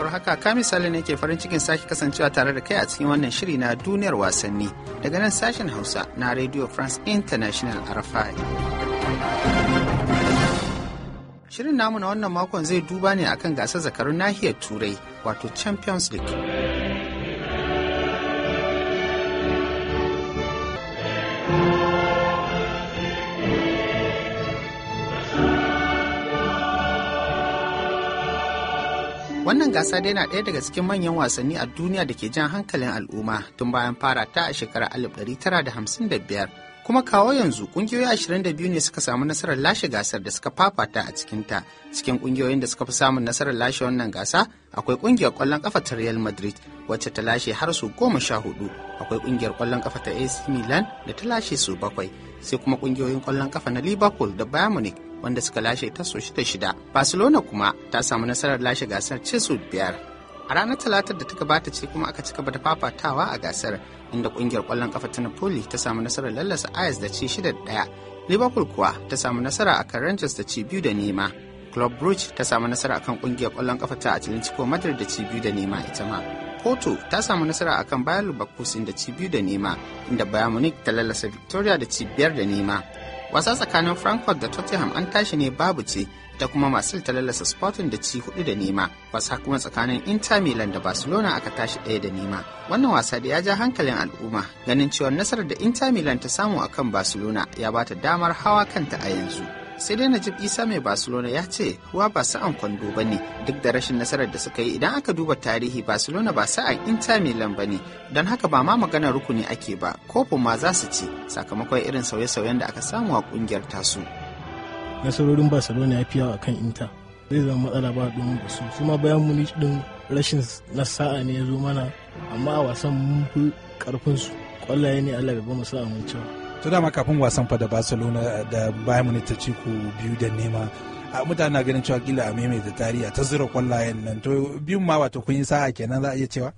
saboda haka ka misali ne ke farin cikin sake kasancewa tare da kai a cikin wannan shiri na duniyar wasanni daga nan sashen hausa na radio france international rfi shirin namu na wannan makon zai duba ne akan gasar zakarun nahiyar turai wato champions league Wannan gasa dai na ɗaya daga cikin manyan wasanni a duniya da ke jan hankalin al'umma tun bayan fara ta a shekarar 1955 kuma kawo yanzu ƙungiyoyi 22 ne suka samu nasarar lashe gasar da suka fafata a cikin ta Cikin ƙungiyoyin da suka fi samun nasarar lashe wannan gasa akwai ƙungiyar ƙwallon ƙafa ta Real Madrid wacce ta lashe har su goma sha hudu. Akwai ƙungiyar ƙwallon kafa ta AC Milan da ta lashe su bakwai. Sai kuma ƙungiyoyin ƙwallon ƙafa na Liverpool da Bayern Munich wanda suka lashe ta so shida shida barcelona kuma ta samu nasarar lashe gasar ce biyar a ranar talatar da ta gabata ce kuma aka ci gaba da fafatawa a gasar inda kungiyar kwallon kafa ta napoli ta samu nasarar lallasa ayas da ci shida da daya liverpool kuwa ta samu nasara akan rangers da ci biyu da nema club brugge ta samu nasara akan kungiyar kwallon kafa ta atlantico madrid da ci biyu da nema ita ma Porto ta samu nasara akan Bayer Leverkusen da ci biyu da nema, inda Bayern Munich ta lalasa Victoria da ci biyar da nema. wasa tsakanin frankfurt da tottenham an tashi ne babu ce ta kuma masu ta lalasa sporting da ci hudu da nema wasa kuma tsakanin inter milan da barcelona aka tashi ɗaya da nema wannan wasa da ya ja hankalin al'umma ganin cewa nasarar da inter milan ta samu akan barcelona ya bata damar hawa kanta a yanzu sai dai najib isa mai barcelona ya ce kuwa ba sa'an kwando ba ne duk da rashin nasarar da suka yi idan aka duba tarihi barcelona ba sa'an inter milan ba ne don haka ba ma magana rukuni ake ba kofin ma za su ci sakamakon irin sauye-sauyen da aka samu a kungiyar tasu nasarorin barcelona ya fi yawa kan inter zai zama matsala ba domin ba su su ma bayan munich din rashin na sa'a ne ya zo mana amma a wasan mun fi karfin su kwallaye ne allah bai ba mu sa'a mun cewa to dama kafin wasan fa da barcelona da bayan munich ta ci biyu da nema a mutane na ganin cewa kila a maimaita tarihi ta zura kwallayen nan to biyun ma wato kun yi sa'a kenan za a iya cewa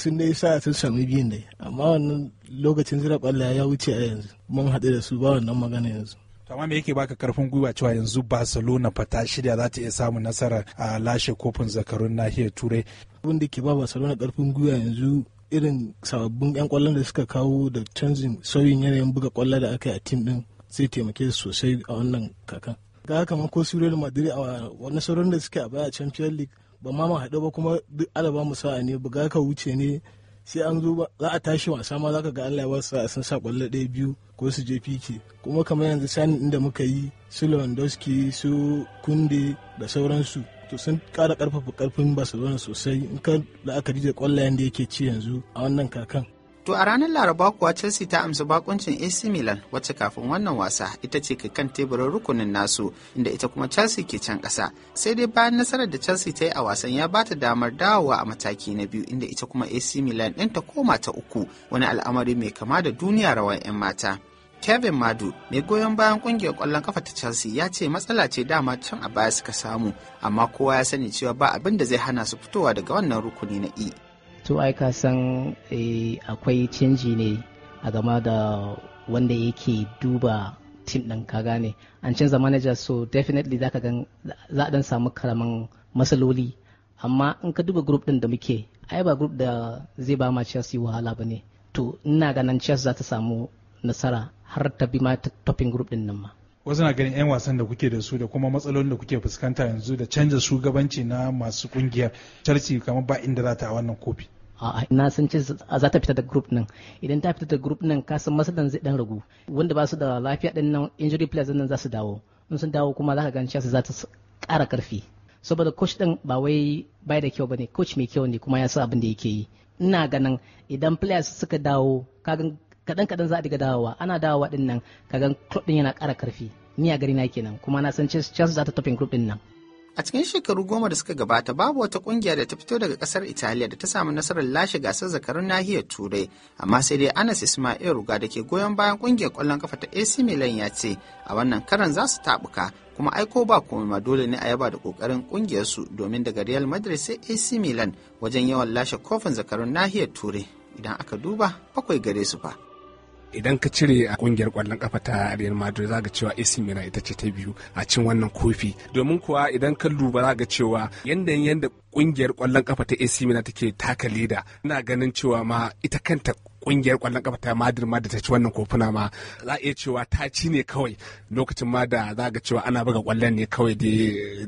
sun dai sa'a sun sami biyun dai amma wannan lokacin zira kwallaye ya wuce a yanzu mun haɗu da su ba wannan magana yanzu to amma me yake baka karfin gwiwa cewa yanzu barcelona fa ta shirya za ta iya samun nasara a lashe kofin zakarun nahiyar turai abin da ke ba barcelona karfin gwiwa yanzu irin sababbin 'yan kwallon da suka kawo da canjin sauyin yanayin buga kwallo da aka yi a tim din zai taimake su sosai a wannan kakan ga kamar ko su real madrid a wani sauran da suke a baya champion league ba ma mu haɗu ba kuma duk alaba mu sa'a ne ba ga ka wuce ne sai an zo ba za a tashi wasa ma za ka ga Allah ya wasa sun sa kwallo ɗaya biyu ko su je fike kuma kamar yanzu sanin inda muka yi su Lewandowski su Kunde da sauransu to sun kara karfafa karfin barcelona sosai in ka la'akari da kwallayen da yake ci yanzu a wannan kakan To a ranar Laraba kuwa Chelsea ta amsa bakuncin AC Milan wacce kafin wannan wasa ita ce ka kan teburin rukunin nasu inda ita kuma Chelsea ke can kasa Sai dai bayan nasarar da Chelsea ta yi a wasan ya bata damar dawowa a mataki na biyu inda ita kuma AC Milan ɗin ta koma ta uku wani al'amari mai kama da duniya rawan 'yan mata. kevin madu mai goyon bayan kungiyar kwallon kafa ta chelsea ya ce matsala ce dama can a baya suka samu amma kowa ya sani cewa ba abin da zai hana su fitowa daga wannan rukuni na e to ai ka san eh, akwai canji ne a game da wanda yake duba tim ɗin ka gane an canza manager so definitely za a dan samu karaman matsaloli amma in ka duba group ɗin da muke ai ba group da zai ba ma Chelsea wahala ba ne to ina ganin Chelsea za ta samu nasara har ta bi ma ta topping group din nan ma wasu na ganin 'yan wasan da kuke da su da kuma matsalolin da kuke fuskanta yanzu da canza shugabanci na masu kungiyar chelsea kamar ba inda za ta a wannan kofi a ina sun ce za ta fita da group nan idan ta fita da group nan ka san masalan zai dan ragu wanda ba su da lafiya din nan injury players din nan za su dawo in sun dawo kuma za ka gani chelsea za ta ƙara karfi saboda coach din ba wai bai da kyau bane coach mai kyau ne kuma ya san abin da yake yi ina ganin idan players suka dawo ga. kadan kadan za a diga dawowa ana dawowa din nan kaga club din yana ƙara karfi ni a gari na kenan kuma na san Chelsea za ta tafi club din nan a cikin shekaru goma da suka gabata babu wata kungiya da ta fito daga kasar italiya da ta samu nasarar lashe gasar zakarun nahiyar turai amma sai dai anas ismail ruga da ke goyon bayan kungiyar kwallon kafa ta ac milan ya ce a wannan karan za su tabuka kuma aiko ba komai ma dole ne a yaba da kokarin kungiyarsu domin daga real madrid sai ac milan wajen yawan lashe kofin zakarun nahiyar turai idan aka duba bakwai gare su fa idan ka cire a kungiyar kwallon kafa ta Real Madrid za ga cewa AC Milan ita ce ta biyu a cin wannan kofi domin kuwa idan ka luba za ga cewa yanda yanda kungiyar kwallon kafa ta AC Milan take taka leda ina ganin cewa ma ita kanta kungiyar kwallon kafa ta Madrid ma da ta ci wannan kofuna ma za a iya cewa ta ci ne kawai lokacin ma da za ga cewa ana buga kwallon ne kawai da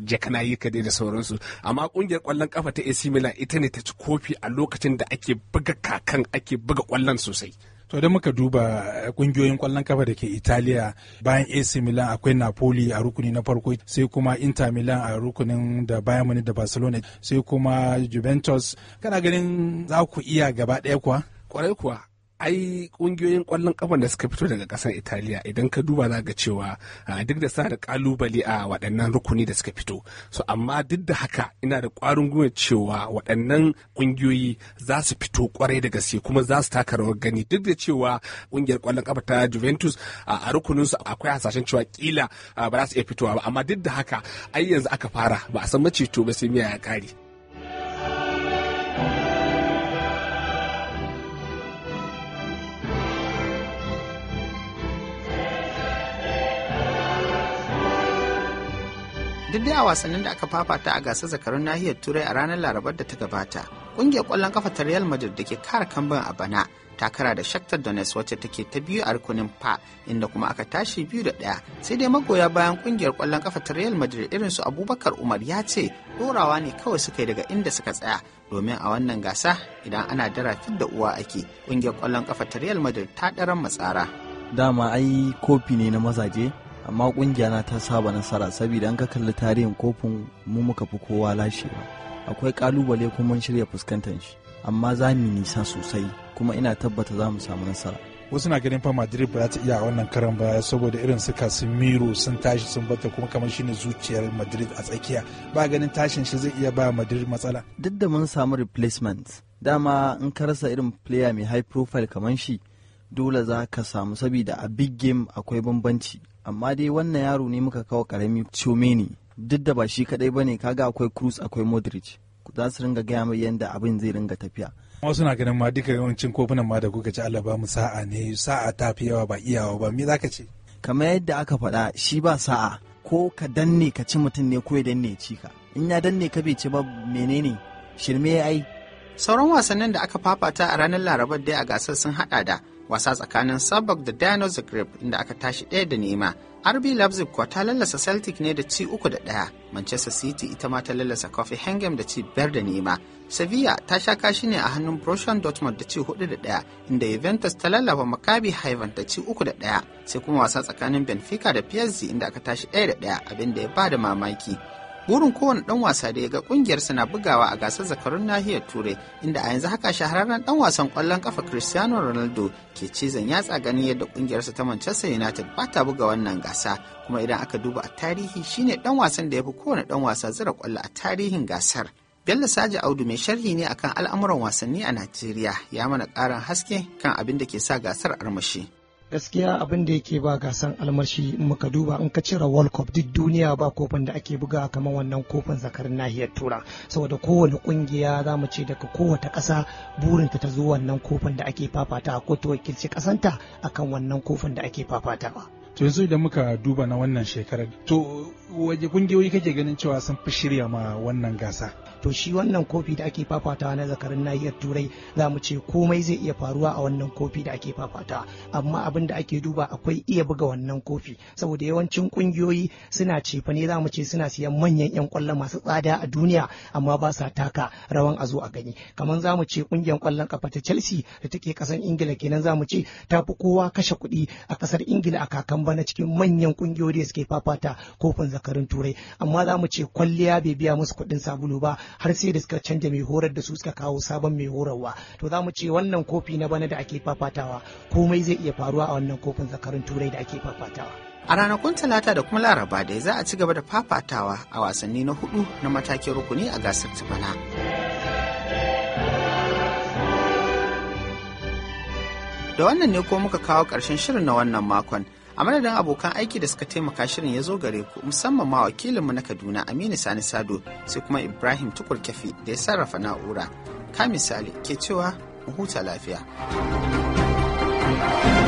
jakana yi ka da sauransu amma kungiyar kwallon kafa ta AC Milan ita ne ta ci kofi a lokacin da ake buga kakan ake buga kwallon sosai to idan muka duba kungiyoyin eh, kwallon kafa da ke italiya bayan ac milan akwai napoli a rukuni na farko sai kuma inter milan a rukunin da bayan da barcelona sai kuma juventus kana ganin za ku iya gaba ɗaya kuwa kwarai kuwa ai kungiyoyin kwallon kafan da suka fito daga kasar italiya idan ka duba za ga cewa duk da suna da kalubale a waɗannan rukuni da suka fito so amma duk da haka ina da ƙwarin gwiwa cewa waɗannan kungiyoyi za su fito kwarai da gaske kuma za su taka rawar gani duk da cewa kungiyar kwallon kafa ta juventus a rukunin su akwai hasashen cewa kila ba za su iya fitowa ba amma duk da haka ai yanzu aka fara ba a san mace to ba sai miya ya kare duk dai a wasannin da aka fafata a gasar zakarun nahiyar turai a ranar larabar da ta gabata ƙungiyar kwallon kafa ta real madrid da ke kara kamban a bana takara da Shakhtar Donetsk wacce take ta biyu a rukunin Pa. inda kuma aka tashi biyu da ɗaya sai dai magoya bayan kungiyar ƙwallon kafa ta Real Madrid irin su Abubakar Umar ya ce dorawa ne kawai suka yi daga inda suka tsaya domin a wannan gasa idan ana dara da uwa ake kungiyar kwallon kafa ta Real Madrid ta daren matsara. Dama ai kofi ne na mazaje amma kungiya na ta saba nasara saboda an ka kalli tarihin kofin mu muka fi kowa lashewa akwai kalubale kuma mun shirya fuskantar shi amma za mu nisa sosai kuma ina tabbata za mu samu nasara wasu na ganin fa madrid ba za ta iya wannan karan ba saboda irin sun miro sun tashi sun bata kuma kamar shine zuciyar madrid a tsakiya ba ganin tashin shi zai iya ba madrid matsala duk da mun samu replacement dama in ka rasa irin player mai high profile kamar shi dole za ka samu sabida a big game akwai bambanci amma dai wannan yaro ne muka kawo karami Chomeni duk da ba shi kadai bane kaga akwai Cruz akwai Modric za su ringa gaya mai yadda abin zai ringa tafiya wasu na ganin ma duka yawancin kofunan ma da kuka ci Allah ba mu sa'a ne sa'a ta fi yawa ba iyawa ba me zaka ce kamar yadda aka faɗa shi ba sa'a ko ka danne ka ci mutum ne ko ya danne ci ka in ya danne ka bai ci ba menene shirme ai sauran wasannin da aka fafata a ranar larabar dai a gasar sun hada da wasa tsakanin Sabok da Dino Zagreb inda aka tashi ɗaya da nema. RB Leipzig kuwa ta lallasa Celtic ne da ci uku da ɗaya. Manchester City ita ma ta lallasa Copenhagen da ci biyar da nema. Sevilla ta sha kashi ne a hannun Borussia Dortmund da ci hudu da ɗaya, inda Juventus ta lallaba Maccabi Haivan da ci uku da ɗaya. Sai kuma wasa tsakanin Benfica da PSG inda aka tashi ɗaya da ɗaya abin da ya ba da mamaki. Burin kowane ɗan wasa da ya ga ƙungiyarsa na bugawa a gasar zakarun nahiyar Turai, inda a yanzu haka shahararren ɗan wasan kwallon ƙafa Cristiano Ronaldo ke cizon yatsa ganin yadda ƙungiyarsa ta Manchester United ba ta buga wannan gasa, kuma idan aka duba a tarihi shine ɗan wasan da ya fi kowane ɗan wasa zira kwallo a tarihin gasar. Bello Saji Audu mai sharhi ne akan al'amuran wasanni a Najeriya ya mana ƙarin haske kan abin da ke sa gasar armashi. gaskiya abin da yake ba gasan almashi muka duba in ka cire world cup duk duniya ba kofin da ake buga kamar wannan kofin zakarin nahiyar tura saboda kowane kungiya za mu ce daga kowace ƙasa burinta ta zo wannan kofin da ake fafata ko ta wakilci ƙasanta akan wannan kofin da ake fafatawa to yanzu idan muka duba na wannan shekarar to waje kungiyoyi kake ganin cewa sun fi shirya ma wannan gasa to shi wannan kofi da ake fafatawa na zakarin nahiyar turai za mu ce komai zai iya faruwa a wannan kofi da ake fafatawa amma abin da ake duba akwai iya buga wannan kofi saboda yawancin kungiyoyi suna cefa ne za mu ce suna siyan manyan yan kwallon masu tsada a duniya amma ba sa taka rawan a zo a gani kamar za mu ce kungiyar kwallon kafa ta chelsea da take kasar ingila kenan za mu ce ta fi kowa kashe kuɗi a kasar ingila a kakan bana cikin manyan kungiyoyi da suke fafata kofin zakarun turai amma za mu ce kwalliya bai biya musu kuɗin sabulu ba har sai da suka canja mai horar da su suka kawo sabon mai horarwa to za mu ce wannan kofi na bana da ake fafatawa komai zai iya faruwa a wannan kofin zakarun turai da ake fafatawa. A ranakun Talata da kuma Laraba dai za a ci gaba da fafatawa a wasanni na hudu na matakin rukuni a gasar Tibana. Da wannan ne ko muka kawo ƙarshen shirin na wannan makon a madadin abokan aiki da suka taimaka shirin ya zo gare ku musamman ma wakilinmu na kaduna aminu sani sado sai kuma ibrahim tukur da ya sarrafa na'ura ka misali ke cewa huta lafiya. thank you